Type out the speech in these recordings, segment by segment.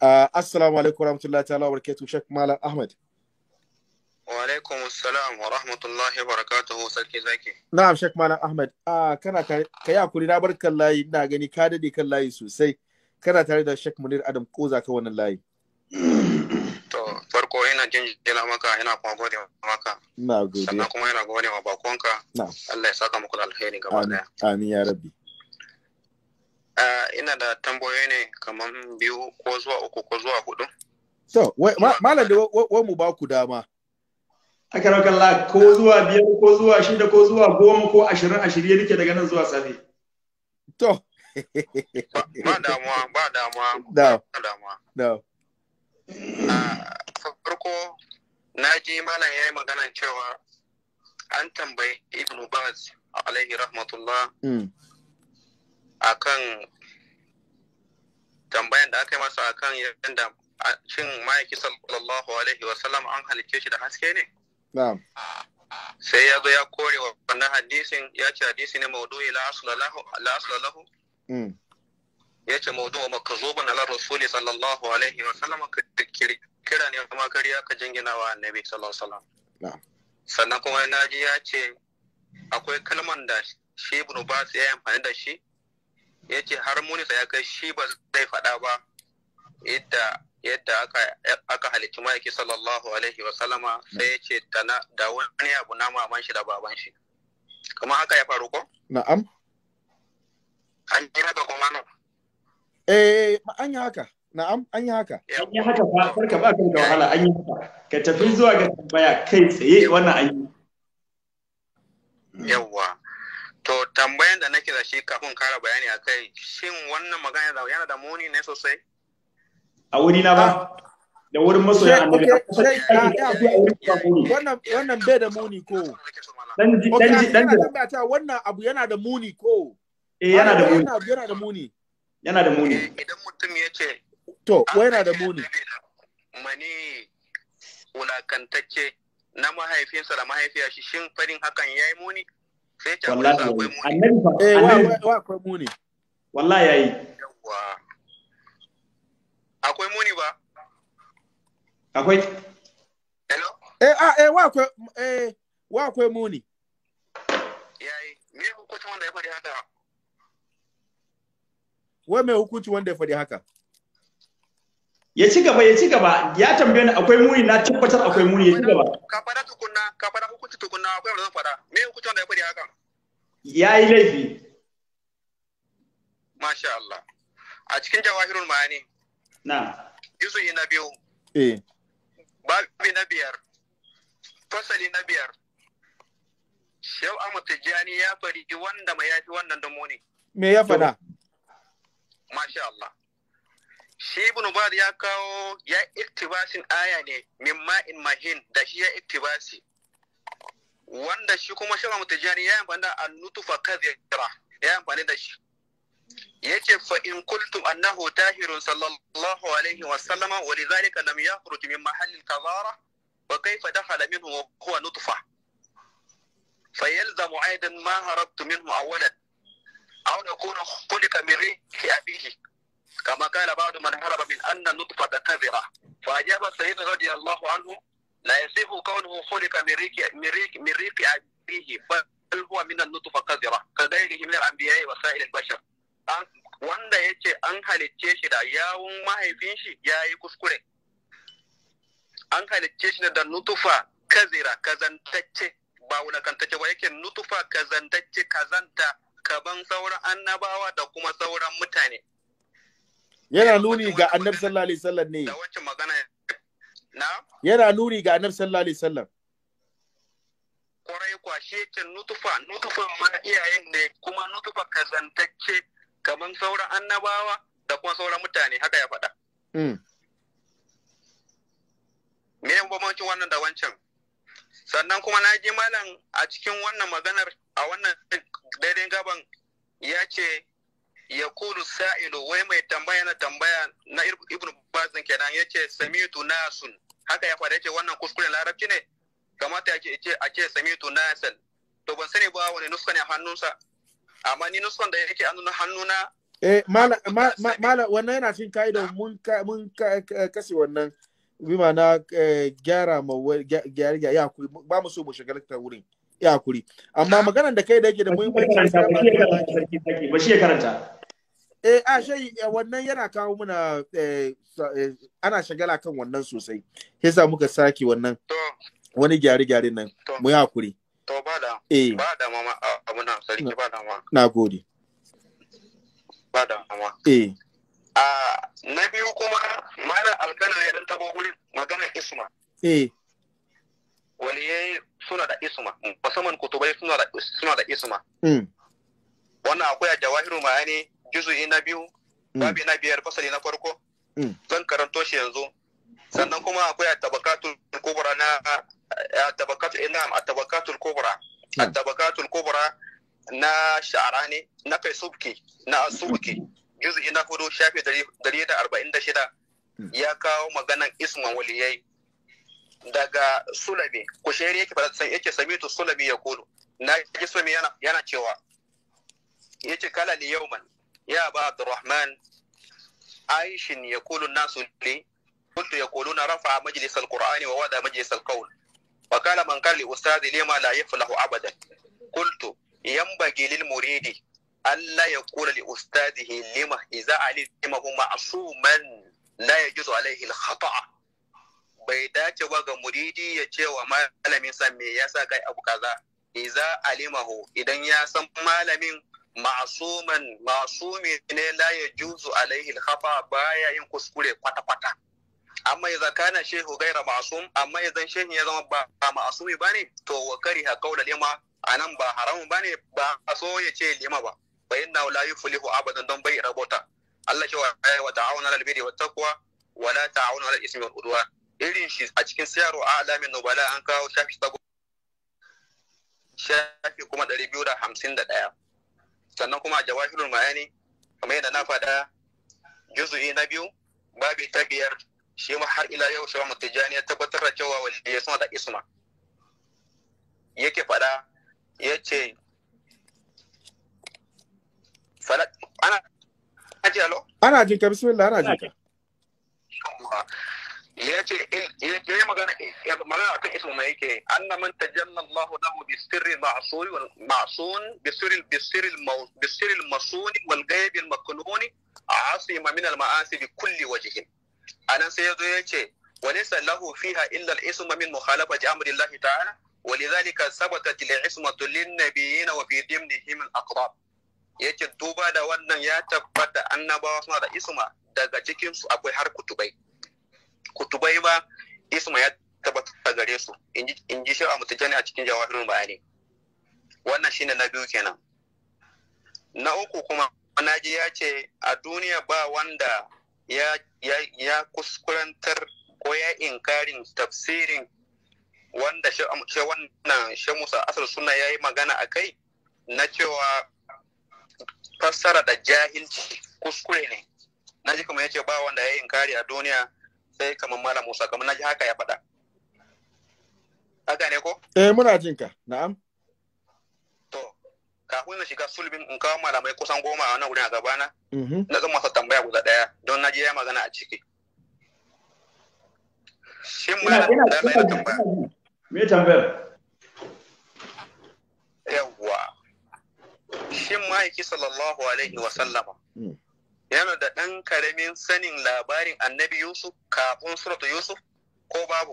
Uh, assalamu alaikum warahmatullahi ta'ala wa barakatuh Sheikh Malam Ahmad. Wa alaikum assalam wa rahmatullahi wa barakatuhu sarki zaki. Na'am Sheikh Malam Ahmad. Ah uh, kana ka ya kuri na bar kan layi ina gani ka dade kan layi sosai. Kana tare da Sheikh Munir Adam Koza ka wannan layi. to farko ina jinjina maka ina kuma gode maka. Na gode. Sannan kuma ina gode wa bakonka. Na. Allah ya saka muku alheri gaba daya. Amin ya rabbi. ina da tambayoyi ne kamar biyu ko zuwa uku ko zuwa hudu. To, malam da wa mu ba ku dama. A karakallah ko zuwa biyar ko zuwa shida ko zuwa goma ko ashirin ashirin nake daga nan zuwa sani. To. Ba damuwa, ba damuwa. Da. Ba damuwa. Da. Farko, na ji malam ya yi maganan cewa an tambayi Ibn Baz alaihi rahmatullah. Hmm. akan tambayan da aka yi masa akan yadda shin ma'aiki sallallahu alaihi wasallam an halicce shi da haske ne? Na'am. Sai ya zo ya kore wa wannan hadisin ya ce hadisi ne maudu'i la asulalahu. Mm. Ya ce maudu'u makazubun ala rasuli sallallahu alaihi wasallam kira ne kuma kariya ka jingina wa annabi sallallahu alaihi wasallam. Sannan kuma na ji ya ce akwai kalman da shi ibn ba ya amfani da shi ya ce har munisa ya kai shi ba zai faɗa ba yadda yadda aka halicci ma'aiki sallallahu alaihi wa sallama sai ya ce da wani abu na maman shi da baban shi kuma haka ya faru ko na'am an yi haka kuma nan eh an yi haka na'am an yi haka an yi haka ba farka ba kan da wahala an yi haka ka tafi zuwa ga tambaya kai tsaye wannan an yi yawwa To tambayan da nake da shi kafin kara bayani a kai, shin wannan magana yana da muni ne sosai? A wuri na ba? Da wurin masoya annabi. Wannan bai da muni ko? Dan ji dan ji dan ji. Wannan abu yana da muni ko? Eh yana da muni. Yana da muni. Yana da muni. Eh, idan mutum ya ce. To, wai yana da muni. Mani wulakantacce na mahaifinsa da mahaifiya shi shin farin hakan ya yi muni? wallahi muni ba akwai eh ah eh, eh wa akwai muni yayi me wanda ya haka wai me hukunci wanda ya faɗi haka ya ci gaba ya ci gaba ya tambaye ni akwai muni na tabbatar akwai muni ya ci gaba ka fada tukunna ka fada hukunci tukunna akwai wanda zan fada me hukuncin da ya fadi haka yayi laifi masha Allah a cikin jawahirul ma'ani na yuzu na biyu eh babi na biyar fasali na biyar Shau amma tijani ya fari wanda mai yafi wannan da muni me ya fada masha Allah shi ibn Umar ya kawo ya iktibasin aya ne min ma'in mahin da shi ya iktibasi wanda shi kuma shi mutajani ya amfani da annutufa kadhira ya amfani da shi yace fa in qultum annahu tahirun sallallahu alaihi wa sallama wa lidhalika lam yakhruj min mahallil kadhara wa kayfa dakhala minhu wa huwa nutfa فيلزم أيضا ما هربت منه أولا أو نكون خلق من ريح أبيه كما قال بعض من هرب من أن النطفة كذرة فأجاب السيد رضي الله عنه لا يصح كونه خلق مريك مريك مريك أبيه بل هو من النطفة كذرة كغيره من الأنبياء وسائر البشر wanda ya ce an halicce shi da yawun mahaifin shi ya yi kuskure an halicce shi da nutufa kazira kazantacce ba wulakantacce ba yake nutufa kazantacce kazanta kaban sauran annabawa da kuma sauran mutane yana nuni ga annabi sallallahu alaihi wasallam ne yana nuni ga annabi sallallahu alaihi wasallam kwarai kwa shi yake nutufa nutufan ma iyayen ne kuma nutufa kazantacce kamar sauran annabawa da kuma sauran mutane haka ya faɗa mm. me yin bambancin wannan da wancan sannan kuma na ji malam a cikin wannan maganar a wannan daidai gaban ya ce ya kulu sa'ilu wai mai tambaya na tambaya na ibnu bazin kenan ya ce samitu nasun haka ya faɗa ce wannan kuskuren larabci ne kamata ya ce a ce samitu nasan to ban sani ba wani nuskan ya hannunsa amma ni nuskan da yake hannuna hannuna eh mala mala wannan yana cin ka'ida mun mun kashe wannan bi ma'ana eh, gyara ma gyara gyara ya kuri ba mu so mu shagalta wurin ya kuri amma maganar da kai da yake da muhimmanci ba shi ya karanta Eh, a ah, shai eh, wannan yana kawo muna eh, eh, ana shagala kan wannan sosai. Yasa muka sake wannan wani gyare-gyare nan mu yi hakuri. To ba da. Eh. Ba da mama abuna sarki ba da mama Na gode. Ba da mama. Eh. A na biyu kuma mana alkana ya dan tabo guri magana isma. Eh. Wani yayi suna da isma musamman kutubai suna da suna da isma. Mm. Wannan akwai a jawahirul ma'ani juzu'i na biyu mm. babi na biyar fasali na farko mm. zan karanto shi yanzu sannan kuma akwai tabakatul kubra na tabakatul inam tabakatul kubra mm. tabakatul kubra na sha'arani na subki na asubki juzu'i na hudu shafi dari da arba'in da shida ya kawo maganan isman waliyai daga sulabi kusheri yake ba san yake samitu sulabi ya kulu na ji sulabi yana cewa yace kala yau yawman يا أبا عبد الرحمن عايش يقول الناس لي قلت يقولون رفع مجلس القرآن ووضع مجلس القول وقال من قال لأستاذ لي ما لا يفلح أبدا قلت ينبغي للمريد ألا يقول لأستاذه لما إذا علمه معصوما لا يجوز عليه الخطأ bai dacewa ga muridi ya ce wa malamin sa me yasa kai abu kaza iza alimahu idan ya san malamin ma'asuman masumi ne la ya juzu alaihi alkhafa baya yin kuskure kwata-kwata amma idan kana shehu gaira ma'asum amma idan shehu ya zama ba ma'asumi bane to wa kariha qawla lima anan ba haramun bane ba so ya ce lima ba fa inna la yuflihu abadan don bai rabota Allah cewa wa ta'awuna alal birri wat taqwa wa la ta'awuna alal ismi wal udwan irin shi a cikin sayarwa a alamin nubala an kawo shafi shafi kuma ɗaya. sannan kuma a jawahirul ma'ani kamar yadda na faɗa juzu'i na biyu babi ta biyar shi ma har ila yau shawa mutijani ya tabbatar da cewa wanda ya suna da isma yake faɗa ya ce ana ji alo ana ji ka bismillah ana ji ya ya yi magana magana akan ismu mai yake anna man tajanna Allahu lahu bi sirri ma'sun ma'sun bi sirri bi al maknun asima min al ma'asi bi kulli wajhin anan sai yazo ya ce wa laysa lahu fiha illa al ismu min mukhalafati amri Allah ta'ala ولذلك ثبتت العصمة للنبيين وفي ضمنهم الأقرب yake duba da wannan ya tabbata annabawa suna da isma daga cikinsu akwai har kutubai kutubai ba isma ya tabbatar gare su in ji shi'a jani a cikin jawahirin bayani wannan shine na biyu kenan na uku kuma Manaji ya ce a duniya ba wanda ya, ya, ya kuskurantar ko ya inkarin tafsirin wanda shi wannan shi musa asar suna ya yi magana a kai na cewa fassara da jahilci kuskure ne na ji kuma ya ce ba wanda ya yi inkari a duniya sai kamar Malam Musa kamar naji haka ya faɗa. A gane ko? Eh muna jin ka, na'am. To, kafin na shiga sulbin in kawo malamai kusan goma a wannan wurin a gabana. Mhm. Na zan masa tambaya guda ɗaya don naji ya magana a ciki. Shin muna da zai tambaya. Me tambayar? Yawwa. Shin ma'aiki sallallahu alaihi wa sallama. Mm. yana da ɗan karamin sanin labarin annabi Yusuf kafin suratu Yusuf ko babu?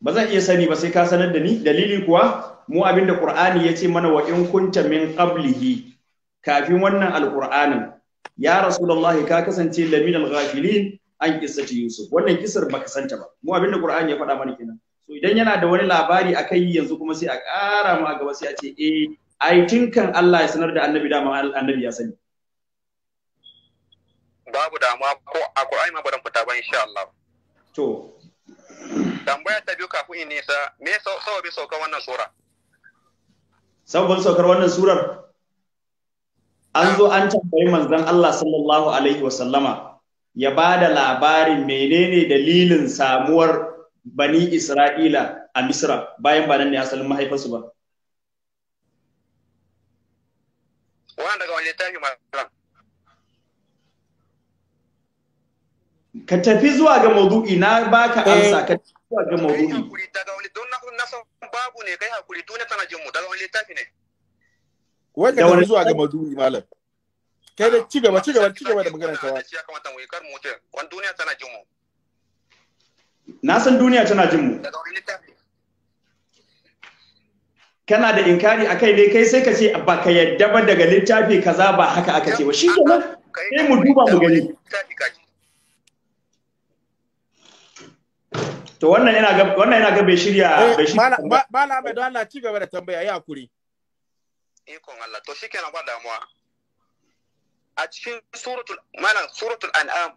Ba zan iya sani ba sai ka sanar da ni dalili kuwa mu abinda kur'ani ya ce mana wa in kunta min qablihi kafin wannan Alƙur'anin. ya rasulullahi ka kasance lamin al-ghafilin an kissati Yusuf wannan kisar baka santa ba mu abinda kur'ani ya faɗa mana kenan so idan yana da wani labari a akai yanzu kuma sai a ƙara mu a gaba sai a ce eh ai kan Allah ya sanar da annabi dama annabi ya sani babu damuwa ko a Qur'ani ma baran fita ba insha Allah to tambaya ta biyu kafin in nisa me bi saukar wannan sura Saboda saukar wannan surar an zo an tambayi manzon Allah sallallahu alaihi wa sallama ya ba da labarin menene dalilin samuwar bani Isra'ila a Misra bayan ba nan ne asalin mahaifarsu ba. wanda ga wani tafi malam ka tafi zuwa ga maudu'i na baka eh. amsa ka tafi zuwa ga maudu'i hakuri daga wani na san babu zuwa ga maudu'i malam kai da ci gaba ci gaba ci gaba da magana ta wani ya na duniya tana jin mu daga wani littafi kana da inkari a kai ne kai sai ka ce ba ka yadda ba daga littafi kaza ba haka aka ce ba shi ke nan sai mu duba mu gani to wannan yana ga wannan yana ga bai shirya eh, bai shirya ba na mai don Allah ci gaba da tambaya ya kuri ikon Allah to shikenan ba damuwa a cikin suratul malam suratul an'am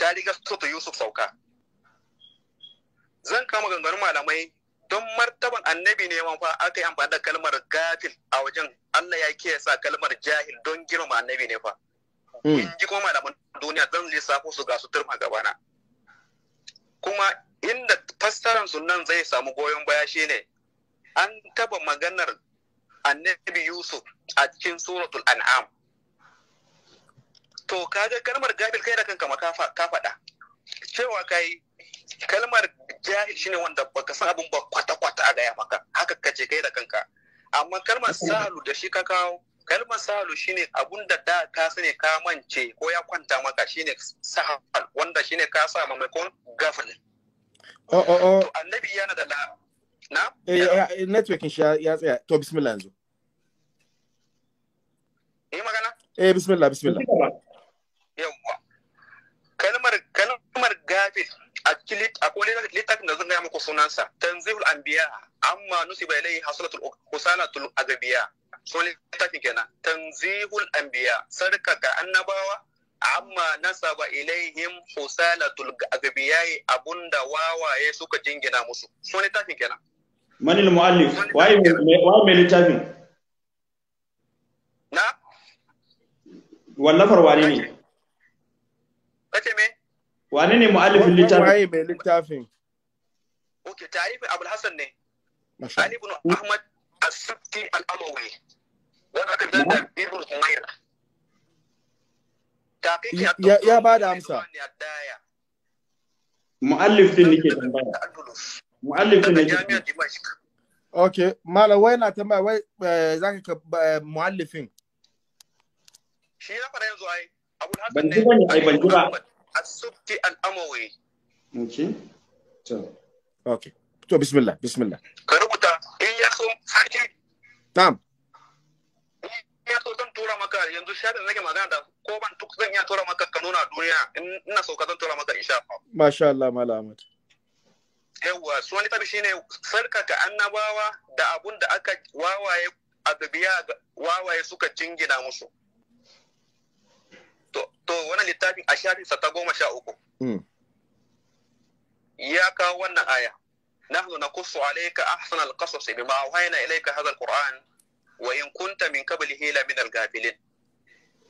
ta riga suratul yusuf sauka zan kama ganganun malamai don martaban annabi ne fa aka yi amfani da kalmar gafil a wajen Allah ya ke sa kalmar jahil don girma annabi ne fa hmm. in ji kuma malaman duniya zan lissafo su ga su turma gabana kuma inda fassaran sunan zai samu goyon baya shine an taba maganar annabi Yusuf a cikin suratul an'am to kaga kalmar gafil kai da kanka ma ka faɗa cewa kai kalmar jahil shine wanda baka san abin ba kwata-kwata a gaya maka haka ka je kai da kanka amma kalmar salu da shi ka kawo kalmar salu shine abun da da ka sani ka mance ko ya kwanta maka shine sahal wanda shine ka sa maimakon gafil oh oh oh to annabi yana da na eh networking shi ya tsaya to bismillah yanzu eh magana eh bismillah bismillah yawwa kalmar hafiz a cikin littafin da zan gaya muku sunansa tanzihul anbiya amma nusiba ilayhi hasalatul husalatul agabiya sunan littafin kenan tanzihul anbiya sarkaka annabawa amma nasaba ilaihim husalatul agabiyayi abunda wawaye suka jingina musu sunan littafin kenan manil muallif waye mai littafin na wallafar Wani ne kace me wane ne mu'allifin littafin waye mai littafin okay tarifi abul ne ali ibn ahmad as-sabti al-amawi wanda aka ibn ya amsa tambaya Okay, Malam wai na tambaya wai eh, za ka eh, mu'allifin. Shi ya fara yanzu ai, Abul Hassan ne. Ban ji ba ai ban ji ba. as-sufti al-amawi okay to okay to bismillah bismillah ka rubuta in ya so tam. ya zan tura maka yanzu shaɗin nake magana da ko ban duk zan iya tura maka ka nuna duniya ina so ka zan tura maka insha Allah masha Allah malamat yawa su wani tabi shine sarkaka annabawa da abun da aka wawaye adabiya wawaye suka jingina musu to wannan littafin a sa ta goma sha uku hmm. ya kawo wannan aya nahnu naqussu alaika ahsan alqasas bima awhayna ilayka hadha alquran wa in kunta min qablihi hila min alghafilin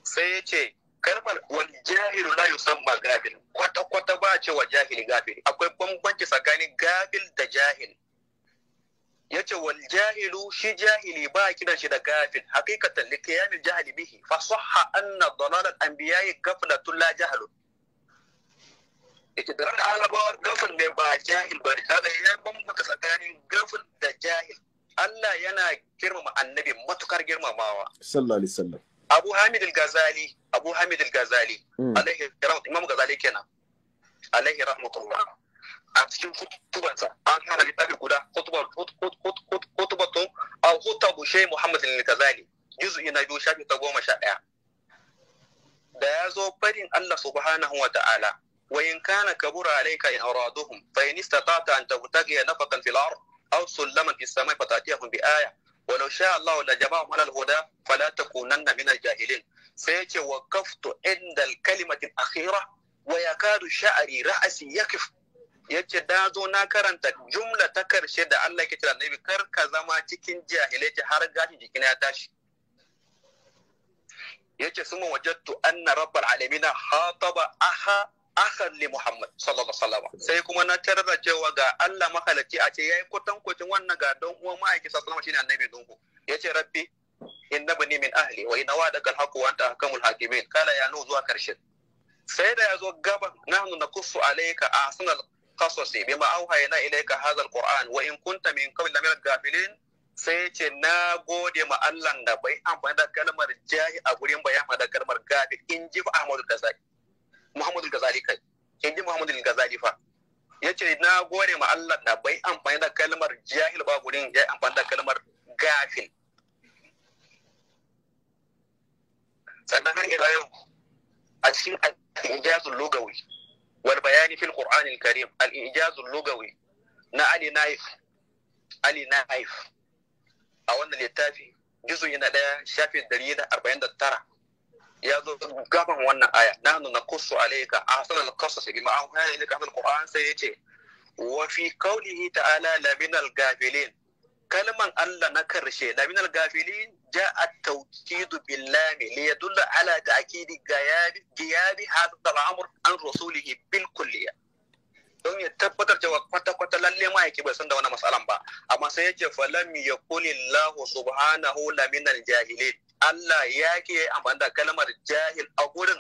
sai ya ce, karbar wal jahilu la yusamma gafil kwata kwata ba ce wa jahili gafil akwai bambanci tsakanin gafil da jahil yace wal jahilu shi jahili ba kiran shi da gafil Hakikatan li qiyamil jahili bihi fa sahha anna dalal al anbiya'i ghaflatun la jahlun ita da ran alabawa gafin ne ba jahil ba da ya bambanta tsakanin gafin da jahil Allah yana girmama annabi matukar girmamawa sallallahu alaihi wasallam Abu Hamid al-Ghazali Abu Hamid al-Ghazali hmm. alaihi rahmatullah Imam Ghazali kenan alaihi rahmatullah a cikin hutubansa an hana littafi guda hutubatun a hutabu shai muhammadin al-kazali juzu'i na biyu shafi ta goma sha ɗaya da ya zo farin Allah subhanahu wa ta'ala wa in kana kabura alayka in araduhum fa in istata'ta an tabtaghiya nafaqan fil ard aw sulaman fis samai fatatiyahum bi aya wa law sha Allah la jama'ahum ala al-huda fala takunanna min al-jahilin sai yake waqaftu inda al-kalimati al-akhirah wa yakadu sha'ri ra'si yakif ya ce da zo na karanta jumla ta karshe da Allah ke kira nabi kar ka zama cikin jahilai har gashi jikina ya tashi ya ce suma wajattu anna rabbal na hataba aha akan li Muhammad sallallahu alaihi sai kuma na tarar cewa ga Allah mahalaci a ce yayi kwatankwacin wannan ga dan uwan ma'aiki sallallahu alaihi wasallam shine annabi Ya ce rabbi bani min ahli wa inna wa'daka al wa anta ahkamul hakimin kala ya nu zuwa karshe sai da yazo gaban nahnu nakussu alayka ahsanal qasasi bima auhayna ilayka hadha alquran wa in kunta min qabli lamin gafilin sai ce na gode ma Allah da bai amfani da kalmar jahi a gurin bai amfani da kalmar gafil in ji Ahmadu Ghazali Muhammadu Ghazali kai in ji Muhammadu Ghazali fa yace na gode ma Allah da bai amfani da kalmar jahil ba gurin ya amfani da kalmar gafil sannan har ila yau a cikin jazul lugawi wal bayani fil qur'an al karim al ijaz al lugawi na ali naif ali naif a wannan littafi juzu yana daya shafi 149 ya zo gaban wannan aya nahnu naqussu alayka ahsan al qasas bima ahana ilayka al qur'an sai yace wa fi qawlihi ta'ala laminal gafilin kalman Allah na karshe laminal gafilin جاء التوكيد باللام ليدل على تأكيد غياب هذا الأمر عن رسوله بالكلية don ya tabbatar cewa kwata-kwata lalle ma yake bai san da wani matsalan ba amma sai yake falam ya kuli Allah subhanahu lamin jahilin Allah ya ke amfani da kalmar jahil a gurin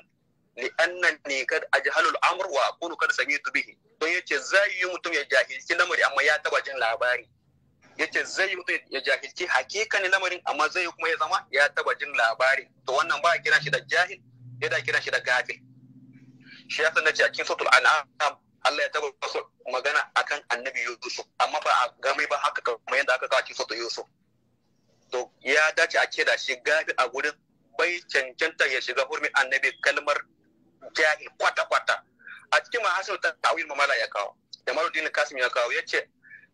li annan ne kad ajhalul amr wa aqulu kad sami'tu bihi don yace zai yi mutum ya jahilci lamari amma ya taba jin labari yace zai yi ya jahilci ne lamarin amma zai kuma ya zama ya taba jin labarin to wannan ba kiran shi da jahil ya da kiran shi da gafil shi ya sanar a cikin sotul an'am Allah ya taba magana akan annabi Yusuf amma ba a game ba haka kamar yadda aka kawo cikin sotul Yusuf to ya dace a ce da shi gafil a gurin bai cancanta ya shiga hurmi annabi kalmar jahil kwata-kwata a cikin ma ta tawil mamala ya kawo da marudin kasim ya kawo ya ce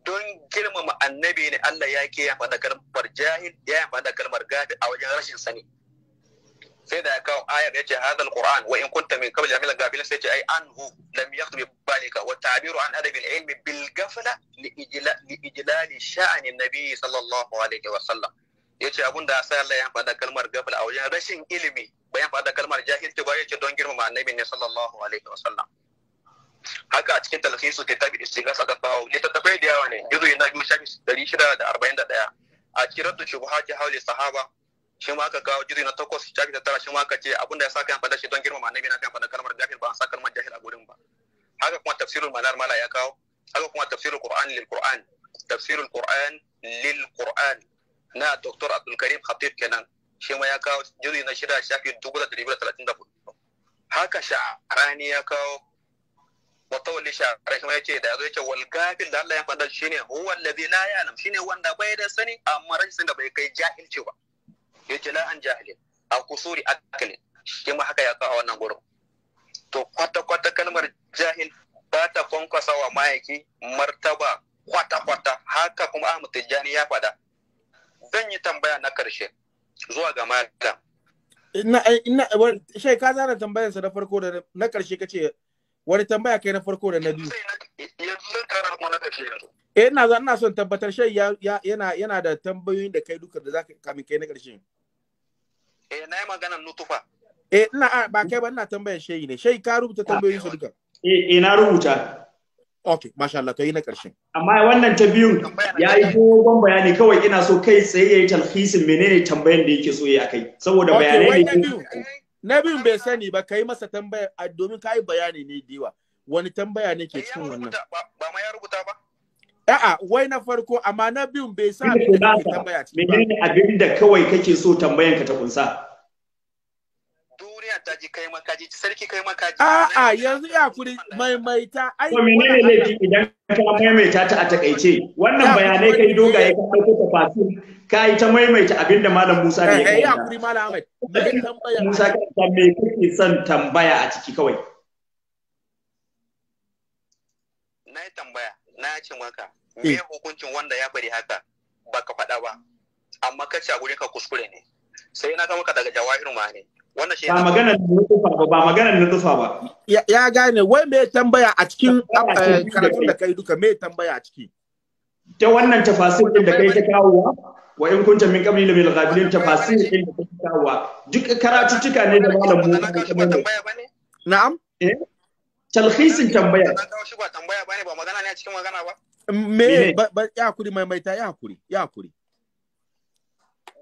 don girmama annabi ne Allah ya ke ya faɗa kalmar jahil ya faɗa kalmar gafi a wajen rashin sani sai da ya kawo ayar ya ce hadal qur'an wa in kunta min qabli amil gafilin sai ce ai anhu lam bai balika wa ta'biru an adabi al-ilm bil ghafla li ijlali sha'ani nabi sallallahu alaihi wa sallam yace abunda sai Allah ya faɗa kalmar gafla a wajen rashin ilimi bayan faɗa kalmar jahilci ba yace don girmama annabi ne sallallahu alaihi wa sallam haka a cikin ke kitabi da shiga sadafawo littattafai da yawa ne yanzu yana biyu shafi dari shida da arba'in da ɗaya a kirar da shubuhati haule sahaba shi ma aka kawo jiri na takwas shafi da tara shi ma aka ce da ya sa kan da shi don girmama annabi na kan faɗa kalmar jahil ba a sa kalmar jahil a gurin ba haka kuma tafsirul malar mala ya kawo haka kuma tafsirul qur'an lil qur'an tafsirul qur'an lil qur'an na doktor abdul karim khatib kenan shi ma ya kawo jiri na shida shafi dubu da dari biyu da talatin da hudu haka sha'arani ya kawo wa qawli sha'rihim yace da yazo yace wal gafil da Allah ya faɗa shine huwa allazi la ya'lam shine wanda bai da sani amma rashin da bai kai jahilci ba yace la an jahilin a kusuri akali shi ma haka ya kawo wannan gurin to kwata kwata kalmar jahil ba ta kwankwasa wa mayaki martaba kwata kwata haka kuma Ahmad Tijjani ya faɗa zan yi tambaya na karshe zuwa ga malam ina ina shai ka zara tambayarsa da farko da na karshe kace wani tambaya kai na farko da na biyu yanzu zan na eh ina zan ina son tabbatar shai yana yana da tambayoyin da kai duka da zaka kamin kai na karshe eh na yi magana nutufa eh ina ba kai ba ina tambaya shai ne shai ka rubuta tambayoyin su duka eh ina eh, rubuta Ok, masha Allah, to yi na ƙarshen. Amma wannan ta biyun ya yi dogon bayani kawai ina so kai tsaye ya yi talhisin menene tambayan da yake so ya kai. Saboda bayanai ne. na bin bai sani ba kai masa tambaya domin ka yi bayani ne da yawa wani tambaya ne ke cikin wannan ba ma ya rubuta ba a'a wai na farko amma na biyun bai sa abin da kake tambaya cikin ba menene abin da kawai kake so tambayan ka ta kunsa ji kai makaji sarki kai makaji a'a yanzu ya kuri maimaita ai to menene laifi idan ka maimaita ta a takaice wannan bayanai kai dogaye ka dauko ta fasu ka yi ta maimaita abinda malam Musa ne ya ya eh, eh, kuri malam Ahmed Musa ta me kuke son tambaya a ciki kawai na yi tambaya na ce maka eh. me hukuncin wanda ya bari haka baka faɗa ba amma kace a gurin ka kuskure ne sai na ga maka daga jawahir ma ne Wannan shi ba na ba, ba na ba. Ya gane, wai me tambaya a cikin eh, karatun da kai duka Ta wannan tafasir din da kai ta kawowa, wa in kunta min qabli la bil tafasir da kai ta kawowa. Duk ne da malamu. Na'am? Eh? tambaya. Me ba ya kuri mai mai ta ya kuri, ya kuri.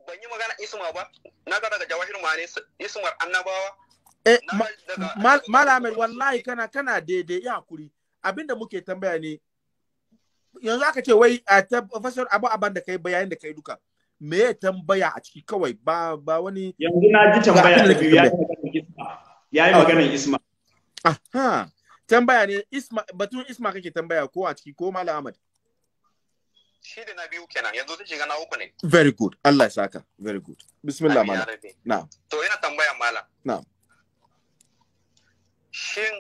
ban yi magana isma ba na ga daga jawahir mane ismar annabawa eh malamai wallahi kana kana daidai ya hakuri abinda muke tambaya ne yanzu aka ce wai eh, a fasar abu aban da kai bayanin da kai duka me ya tambaya a ciki kawai ba ba wani yanzu na ji tambaya da biyu ya yi magana isma aha tambaya ne isma batun isma kake tambaya ko a ciki ko malam shi da na biyu kenan yanzu zai shiga na uku ne very good Allah ya saka very good bismillah malam na to ina tambaya mala na shin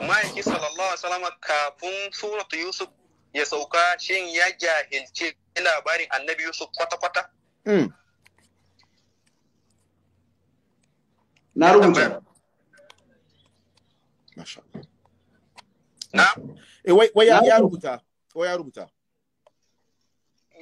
ma'aiki sallallahu alaihi wasallam kafin suratu yusuf ya sauka shin ya jahilce labarin annabi yusuf kwata-kwata hmm. na rubuta na eh, wai ya rubuta wai ya rubuta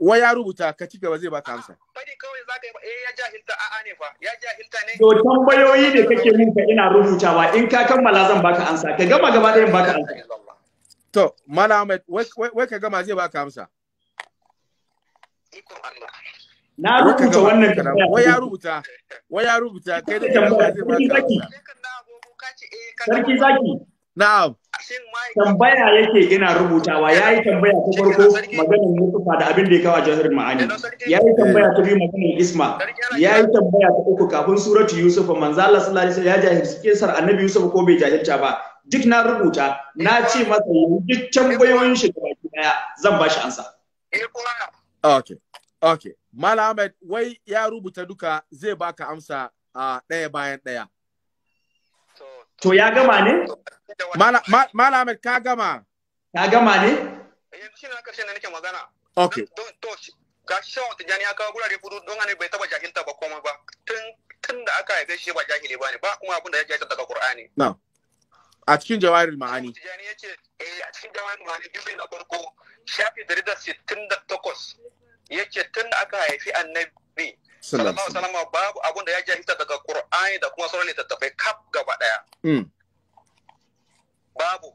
wa ya rubuta ka ci gaba zai baka amsa bari kawai zaka eh ya jahilta a ne fa ya jahilta ne to tambayoyi da kake min ka ina rubutawa in ka kammala zan baka amsa ka gama gaba ɗayan baka amsa to malam Ahmed wai ka gama zai baka amsa na rubuta wannan tambaya wai ya rubuta wai ya rubuta kai da tambaya zai baka amsa sarki zaki na'am tambaya yake yana rubutawa ya yi tambaya ta farko maganin mutufa da abin da ya kawo jahar ma'ani ya yi tambaya ta eh. biyu maganin isma ya yi tambaya ta uku kafin suratu yusuf manzo Allah sallallahu alaihi wasallam ya jahilci kisar annabi yusuf ko bai jahilta ba duk na rubuta na ce masa duk tambayoyin shi da baki daya zan ba shi ansa eh, okay okay malam wai ya rubuta duka zai baka amsa a ah, ɗaya bayan ɗaya To ya gama ne? Malam ka gama. Ka gama ne? Yanzu shi ne karshen da nake magana. Okay. To ga shi shawan tijjani ya kawo gurare fudu don ne bai taba jahilta ba komai ba. Tun tun da aka haife shi ba jahili ba ne ba kuma abin da ya jahilta daga Qur'ani. Na. A cikin jawarin ma'ani. Tijjani ya ce eh a cikin jawarin ma'ani bibi na farko shafi da da tun da aka haifi annabi sallallahu alaihi wasallam babu abun da ya jahilta daga Qur'ani da kuma sauran littattafai kaf gaba daya hmm. babu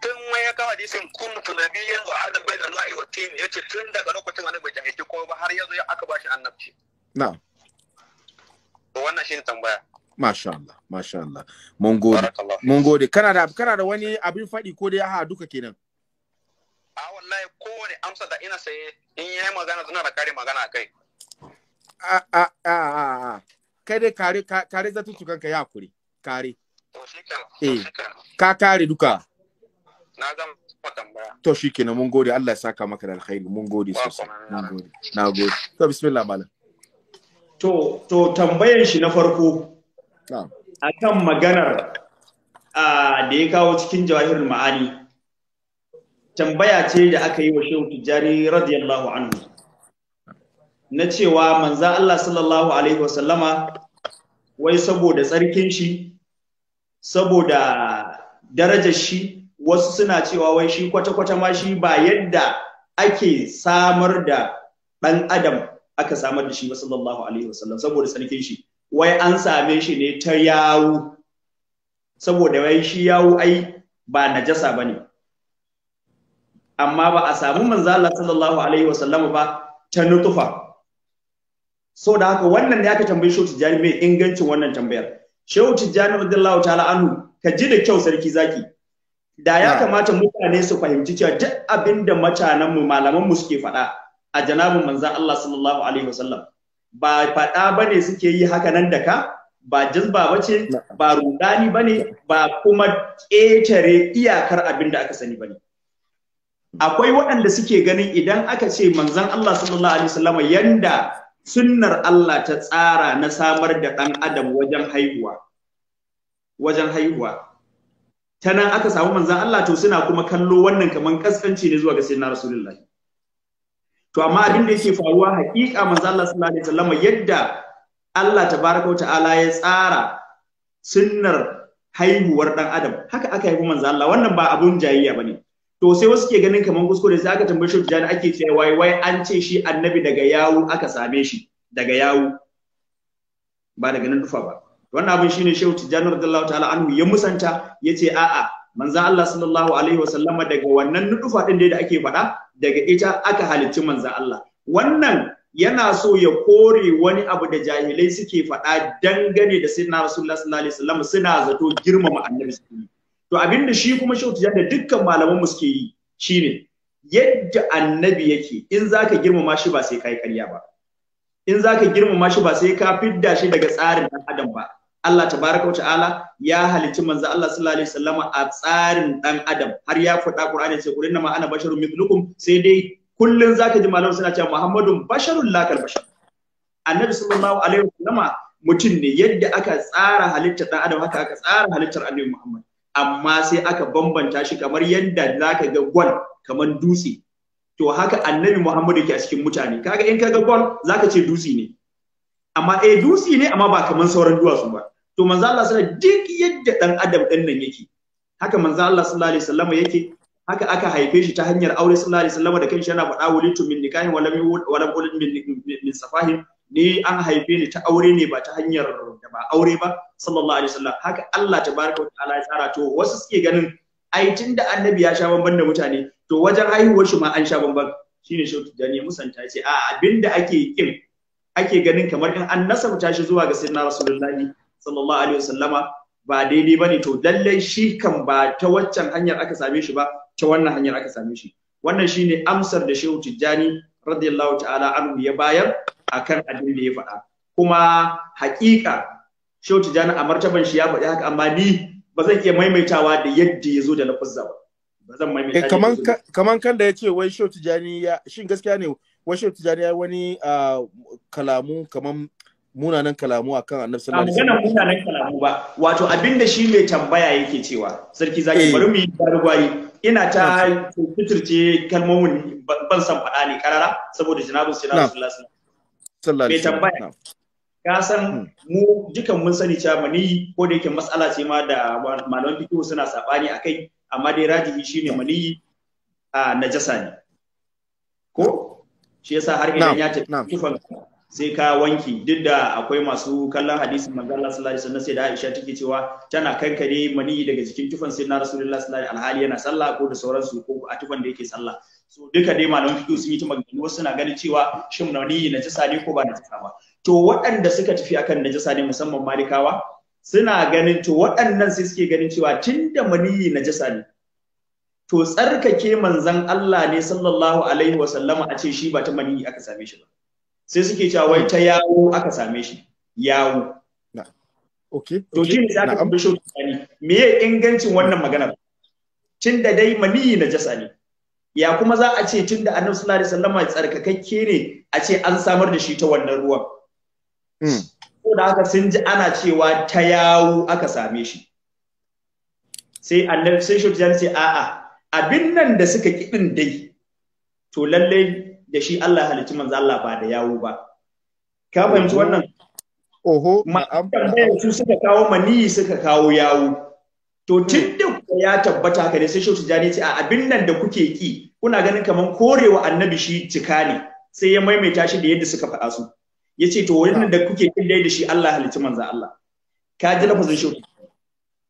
tun ma ya kawo hadisin kuntu nabiyyan wa adam bai da lahi wa tin yace tun daga lokacin annabi jahilci ko ba har yanzu ya aka bashi annabci na'am to wannan shine tambaya Masha Allah, Masha Allah. Mun gode. Mun gode. Kana da kana da wani abin faɗi ko dai a duka kenan. A wallahi kowane amsa da ina saye in yayi magana suna da kare magana a kai. Ah, ah, ah, kai dai kare kare zatuttukan ka ya kure kare eh ka kare duka na ga To shi kenan mun gode Allah ya saka maka da alkhairi mun gode sosai mun gode na gode to bismillah malam to to tambayar shi na farko akan maganar da ya kawo cikin jawahirul ma'ani tambaya ce da aka yi wa Shehu Tijjani radiyallahu anhu na cewa manza Allah sallallahu alaihi wasallama wai saboda tsarkin shi saboda darajar shi wasu suna cewa wai shi kwata-kwata ma shi ba yadda ake samar da ɗan adam aka samar da shi ba sallallahu alaihi wasallam saboda tsarkin shi wai an same shi ne ta yawu saboda wai shi yawu ai ba najasa ba ne amma ba a samu manza Allah sallallahu alaihi wasallama ba ta nutufa so da haka wannan ne aka tambayi shehu tijjani mai ingancin wannan tambayar shehu tijjani radiyallahu ta'ala anhu ka ji da kyau sarki zaki da ya kamata mutane su fahimci cewa duk abin da mutanen mu malaman mu suke faɗa a janabin manzon Allah sallallahu alaihi wasallam ba faɗa bane suke yi haka nan da ka ba jazba bace ce ba rudani bane? ba kuma ƙetare iyakar abin da aka sani bane akwai waɗanda suke ganin idan aka ce manzan Allah sallallahu alaihi wasallam yanda sunnar Allah ta tsara na samar da ɗan adam wajen haihuwa wajen haihuwa ta nan aka samu manzan Allah to suna kuma kallo wannan kaman kaskanci ne zuwa ga na rasulullahi to amma abin da yake faruwa haƙiƙa manzan Allah sallallahu alaihi wasallam yadda Allah tabaraka wa ta'ala ya tsara sunnar haihuwar ɗan adam haka aka haifi manzan Allah wannan ba abun jayayya ne. to sai wasu ke ganin kamar kuskure sai aka tambaye shi da ake cewa wai wai an ce shi annabi daga yawu aka same shi daga yawu ba daga nan dufa ba wannan abin shine shehu tijani radiyallahu ta'ala anhu ya musanta yace a'a manzo Allah sallallahu alaihi Wasallama daga wannan nufa din da ake faɗa daga ita aka halicci manzo Allah wannan yana so ya kore wani abu da jahilai suke faɗa dangane da sayyidina rasulullah sallallahu alaihi wasallam suna zato girmama annabi sallallahu to abin da shi kuma shi da dukkan malaman mu suke yi shine yadda annabi yake in zaka girmama shi ba sai kai karya ba in zaka girmama shi ba sai ka fidda shi daga tsarin dan adam ba Allah tabaraka wa ta'ala ya halicci manzo Allah sallallahu alaihi wasallama a tsarin dan adam har ya faɗa Qur'ani sai kullun ma ana basharun mithlukum sai dai kullun zaka ji malaman suna cewa Muhammadun basharun lakal bashar annabi sallallahu alaihi wasallama mutum ne yadda aka tsara halittar dan adam haka aka tsara halittar annabi Muhammad amma sai aka bambanta shi kamar yadda za ka ga gwal kamar dutse to haka annabi Muhammadu ke a cikin mutane kaga in kaga gwal Za ka ce dutse ne amma eh dutse ne amma ba kamar sauran duwatsu ba to manzo Allah sallallahu duk yadda dan adam din nan yake haka manzo Allah sallallahu alaihi wasallam yake haka aka haife shi ta hanyar aure sallallahu alaihi wasallam da kanshi yana faɗa walitu min nikahin wa lam min safahin ni an haife ni ta aure ne ba ta hanyar da ba aure ba sallallahu alaihi wasallam haka Allah tabaraka wa ta'ala ya tsara to wasu suke ganin ai tunda annabi ya sha bamban da mutane to wajen haihuwar shi ma an sha bamban shine shautu dani musanta ya ce a abinda ake kin ake ganin kamar in an nasabta shi zuwa ga sayyidina rasulullahi sallallahu alaihi wasallama ba daidai bane to lallai shi kan ba ta waccan hanyar aka same shi ba ta wannan hanyar aka same shi wannan shine amsar da shehu tijjani radiyallahu ta'ala anhu ya bayar akan abin da ya faɗa kuma haƙiƙa Shehu Tijjani a martaban shi ya faɗi haka amma ni ba zan iya maimaitawa da yadda ya zo da lafuzza ba ba zan maimaita eh, kaman kaman kan da yace wai Shehu Tijjani ya shin gaskiya ne wai Shehu Tijjani ya wani ah, kalamu kaman munanan kalamu akan annabi sallallahu alaihi wasallam munanan kalamu ba wato abinda shi mai tambaya yake cewa sarki zaki bari eh. mu yi gargwari ina ta fitirce kalmomin ban san faɗa ne karara saboda jinabin sallallahu alaihi wasallam mai tambaya ka san hmm. mu dukan mun sani cewa mani ko da yake matsala ce ma da malaman fiqh suna sabani akai amma dai rajihi shine mani a najasa ne ko shi yasa har idan ya tafi tufan sai ka wanki duk da akwai masu kallon hadisin manzo Allah sallallahu alaihi wasallam sai da Aisha take cewa tana kankare mani daga jikin tufan sai na Rasulullahi sallallahu alaihi alhali yana sallah ko da sauransu ko a tufan da yake sallah so duka dai malaman fiqh sun yi ta magana wasu na ganin cewa shin mani najasa ne ko ba najasa ba to waɗanda suka tafi akan najasa ne musamman malikawa suna ganin to waɗannan sai suke ganin cewa tunda maniyi najasa ne to tsarkake manzon Allah ne sallallahu alaihi wasallama a ce shi ba ta maniyi aka same shi ba sai suke cewa wai ta yawo aka same shi yawo Okay. To shi ne za ka tambaye shi me ya ingancin wannan magana? Tun da dai maniyi na jasa ne. Ya kuma za a ce tun da Annabi sallallahu alaihi wasallama tsarkakakke ne a ce an samar da shi ta wannan ruwan. Ko hmm. da haka sun ji ana cewa ta yawo aka same shi. Sai Annabi sai shi ce a'a abin nan da suka kidin dai to lallai da shi Allah halicci manzo Allah ba da yawo ba ka fahimci wannan oho su suka kawo maniyi suka kawo yawo to tun da ya tabbata haka ne sai shehu tijani ce a abin nan da kuke ki kuna ganin kaman korewa annabi shi cika ne sai ya maimaita shi da yadda suka faɗa su ya ce to wannan da kuke kin da shi Allah halicci manzo Allah ka ji lafazin shi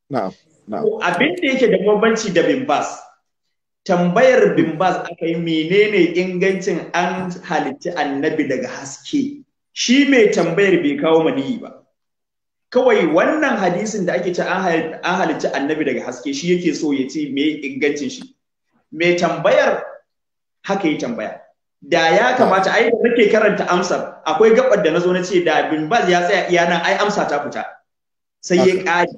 na'am na'am abin da yake da bambanci da bin bas tambayar bimbas aka yi menene ingancin an halitti annabi daga haske shi mai tambayar bai kawo maniyi ba kawai wannan hadisin da ake ce an halitta annabi daga haske shi yake so ya ce mai ingancin shi Mai tambayar haka yi tambaya da ya kamata ai da nake karanta amsar akwai gabar da nazo na ce da bimbas ya tsaya iya nan ai amsa ta fita sai ya kare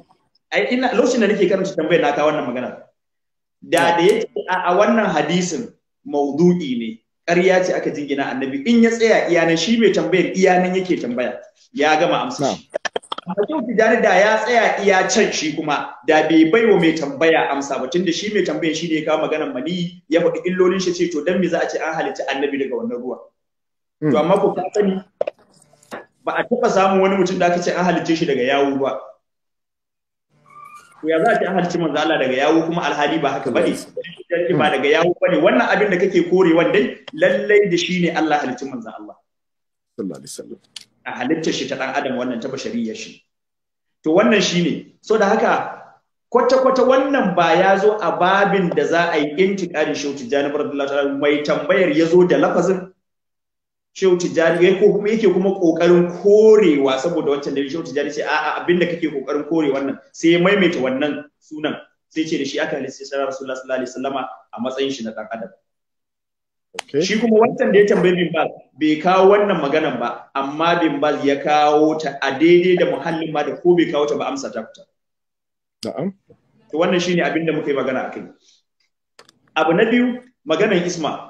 ai ina lokacin da nake karanta tambayar na kawo wannan magana da da ya ce a wannan hadisin maudu'i ne ƙarya ce aka jingina annabi in ya tsaya iyanan shi mai tambayar iyanan yake tambaya ya gama amsa shi Mutum tijani da ya tsaya iya can shi kuma da bai bai wa mai tambaya amsa ba tunda shi mai tambayar shi ne ya kawo maganar mani ya faɗi illolin shi ce to dan me za a ce an halitta annabi daga wannan ruwa to hmm. amma ku ka sani ba a taɓa samun wani mutum da aka ce an halarci shi daga yawo ba to ya za ta halci manzo Allah daga yawo kuma alhali ba haka bane ba daga yawo bane wannan abin da kake kore dai lallai da shi ne Allah halicci manzo Allah sallallahu alaihi wasallam a halitta shi ta dan adam wannan ta bashariyar shi to wannan shine so da haka kwata-kwata wannan ba ya zo a babin da za a yi intikarin shautu janibar mai tambayar ya zo da lafazin shehu tijjani yayi ko kuma yake kuma kokarin korewa saboda wancan da shehu tijjani ce a'a abinda kake kokarin kore wannan sai ya maimaita wannan sunan sai ce da shi aka halitta shi rasulullahi sallallahu alaihi wasallama a matsayin shi na dan adam Shi kuma wancan da ya tambayi Bimbal bai kawo wannan maganan ba, amma Bimbal ya kawo ta a daidai da muhallin ma da ko bai kawo ta ba amsa ta fita. Na'am. To wannan shine abinda muka yi magana a kai. Abu na biyu maganan Isma.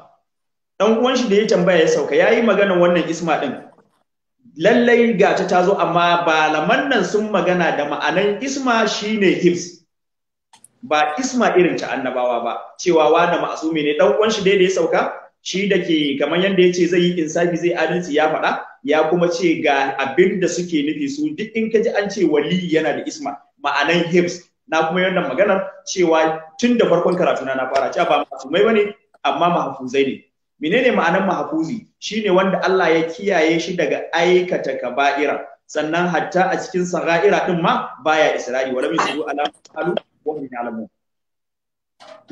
dan uwan shi da ya tambaya ya sauka ya yi magana wannan isma ɗin. lallai ga ta zo amma laman nan sun magana da ma'anan isma shine hibs ba isma irin ta annabawa ba cewa wa da ma'asumi ne dan uwan shi da ya sauka shi da ke kamar yadda ya ce zai yi insafi zai adalci ya faɗa ya kuma ce ga abin da suke nufi su duk in ka ji an ce wali yana da isma ma'anan hibs na kuma yadda maganar cewa tun da farkon karatu na fara cewa ba masumai ne amma mahafuzai ne menene ma'anar mahfuzi shine wanda Allah ya kiyaye shi daga aikata kaba'ira sannan hatta a cikin saga'ira din ma baya isra'i wala min yusiru ala alu wa min alamu?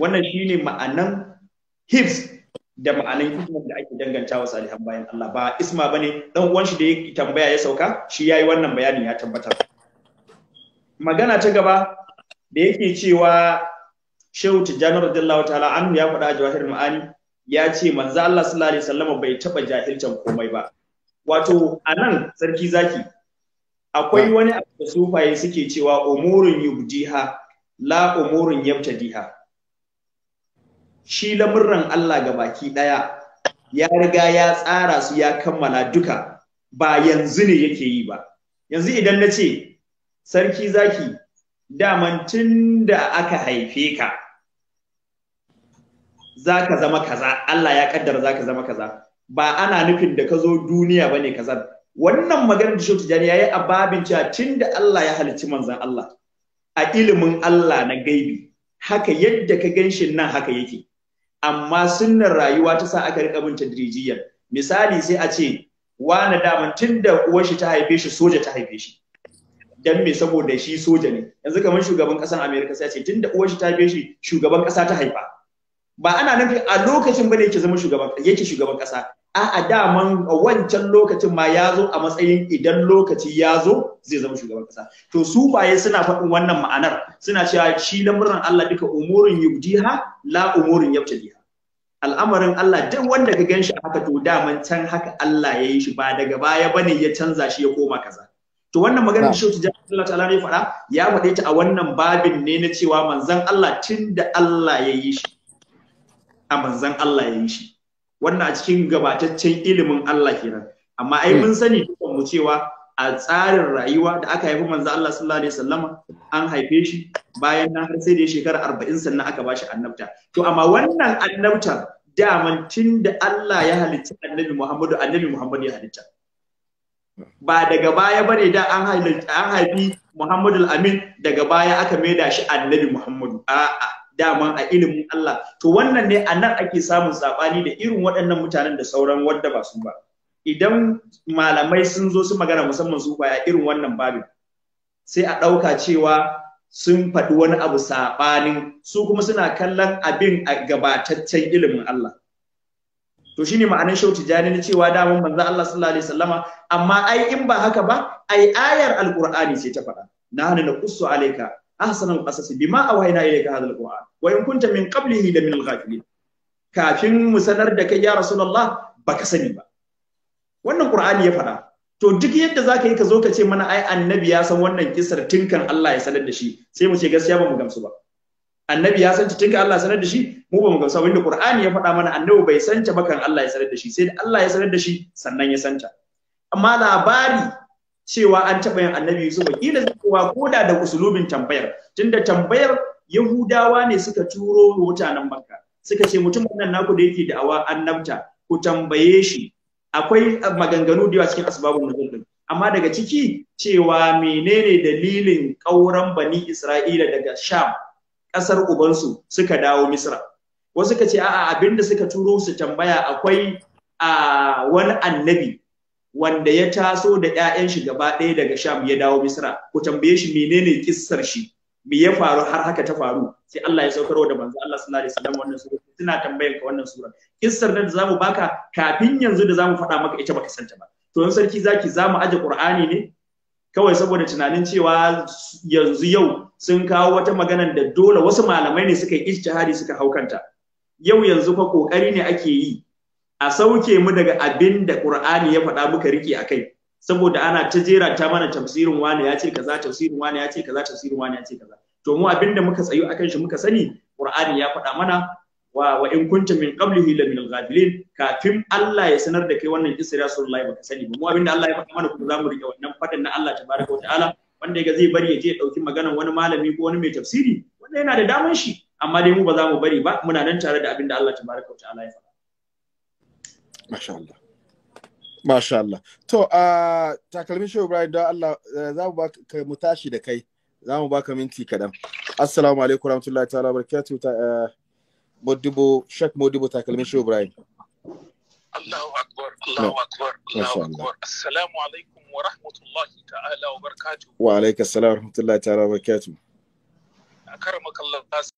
wannan shine ma'anan hibs da ma'anan hikimar da ake danganta wa salihan bayan Allah ba isma bane dan uwan shi da ya tambaya ya sauka shi yayi wannan bayanin ya tabbata magana ta gaba da yake cewa Shehu Tijjani radiyallahu ta'ala anhu ya faɗa a jawahir ma'ani ya ce manzo Allah sallallahu alaihi wasallam bai taba jahilcin komai ba wato anan sarki zaki akwai wani abu da sufaye suke cewa umurun yubdiha la umurun yabtadiha shi lamurran Allah ga baki daya ya riga ya tsara su ya kammala duka ba yanzu ne yake yi ba yanzu idan na ce sarki zaki daman tun da aka haife ka za ka zama kaza Allah ya kaddara za ka zama kaza ba ana nufin da ka zo duniya ba ne kaza wannan maganar da shi tijani ya yi a babin cewa tun da Allah ya halicci manzan Allah a ilimin Allah na gaibi haka yadda ka gan nan haka yake amma sunnar rayuwa ta sa aka rika binta dirijiya misali sai a ce wani daman tun da uwar shi ta haife shi soja ta haife shi dan me saboda shi soja ne yanzu kamar shugaban ƙasar Amerika sai a ce tun da uwar shi ta haife shi shugaban kasa ta haifa ba ana nufi a lokacin bane yake zama shugaban yake shugaban kasa a daman wancan lokacin ma ya zo a matsayin idan lokaci ya zo zai zama shugaban kasa to su baye suna faɗin wannan ma'anar suna cewa shi lamuran Allah duka umurin yubdiha la umurin yabtadiha al'amarin Allah duk wanda ka ganshi haka to daman can haka Allah ya yi shi ba daga baya bane ya canza shi ya koma kaza to wannan maganar shi ta Allah ta'ala ne faɗa ya faɗe ta a wannan babin ne na cewa manzon Allah tinda Allah ya yi shi a manzan Allah ya yi shi wannan a cikin gabataccen ilimin Allah kenan amma ai mun sani dukan mu cewa a tsarin rayuwa da aka haifi manzo Allah sallallahu alaihi wasallama an haife shi bayan na har sai da shekara arba'in sannan aka bashi annabta to amma wannan annabta daman tun da Allah ya halitta annabi Muhammadu annabi Muhammadu ya halitta ba daga baya ba ne da an haifi an haifi Muhammadu Amin daga baya aka maida shi annabi Muhammadu a'a dama a ilimin Allah to wannan ne a nan ake samun sabani da irin waɗannan mutanen da sauran wanda ba su ba idan malamai sun zo su magana musamman su ba a irin wannan babin sai a ɗauka cewa sun faɗi wani abu saɓanin su kuma suna kallon abin a gabataccen ilimin Allah to shine ma'anar shau jani na cewa damar manzo Allah sallallahu alaihi wasallama amma ai in ba haka ba ai ayar alqur'ani sai ta faɗa na na kusu alaika. ahsan al-qasas bima awhayna ilayka hadha al-qur'an wa in kunta min qablihi la min al-ghafilin kafin mu sanar da kai ya rasulullah baka sani ba wannan qur'ani ya faɗa to duk yadda zaka yi ka zo ka ce mana ai annabi ya san wannan kisar tinkan Allah ya sanar da shi sai mu ce gaskiya ba mu gamsu ba annabi ya san tinkan Allah ya sanar da shi mu ba mu gamsu ba inda qur'ani ya faɗa mana annabi bai san ta ba kan Allah ya sanar da shi sai Allah ya sanar da shi sannan ya san ta amma labari cewa an taɓa yin annabi Yusuf kila zai kowa koda da usulubin tambayar tunda tambayar Yahudawa ne suka turo mutanen Makka suka ce mutum nan naku da yake da'awa annabta ku tambaye shi akwai maganganu da yawa cikin asbabun nuzul din amma daga ciki cewa menene dalilin kauran bani Isra'ila daga Sham ƙasar ubansu suka dawo Misra wasu suka ce a'a abinda suka turo su tambaya akwai a wani annabi wanda ya taso da 'ya'yan shi gaba ɗaya daga Sham ya dawo Misra ku tambaye shi menene kissar shi me ya faru har haka ta faru sai Allah ya saukar da manzo Allah sallallahu alaihi wasallam wannan sura tana tambayar ka wannan sura kissar da za mu baka kafin yanzu da za mu faɗa maka ita baka santa ba to yan sarki zaki za mu aje Qur'ani ne kawai saboda tunanin cewa yanzu yau sun kawo wata magana da dole wasu malamai ne suka yi ijtihadi suka haukanta yau yanzu fa kokari ne ake yi a sauke mu daga abin da Qur'ani ya faɗa muka rike a kai saboda ana ta jera ta mana tafsirin wani ya ce kaza tafsirin wani ya ce kaza tafsirin wani ya ce kaza to mu abin da muka tsayo akan shi muka sani ƙur'ani ya faɗa mana wa wa in kunta min qablihi la min ghafilin kafin Allah ya sanar da kai wannan kisra rasulullahi alaihi sani mu abin da Allah ya faɗa mana za mu rike wannan fadan na Allah tabaraka wa ta'ala wanda ga zai bari ya je dauki maganar wani malami ko wani mai tafsiri wanda yana da damun shi amma dai mu ba za mu bari ba muna nan tare da abin da Allah tabaraka wa ta'ala ya faɗa Masha Allah. Masha Allah. To, a takalmin Shehu Ibrahim don Allah eh, za mu baka mu tashi da kai. Za mu ba ka minti kaɗan. Assalamu alaikum warahmatullahi ta'ala barakatuhu ta eh, Modibo Shek Modibo takalmin shi Ibrahim. Allahu akbar, Allahu akbar, Allahu akbar. Assalamu alaikum wa rahmatullahi ta'ala wa barakatuhu. Wa alaikum assalam wa rahmatullahi ta'ala wa barakatuhu. Akaramakallah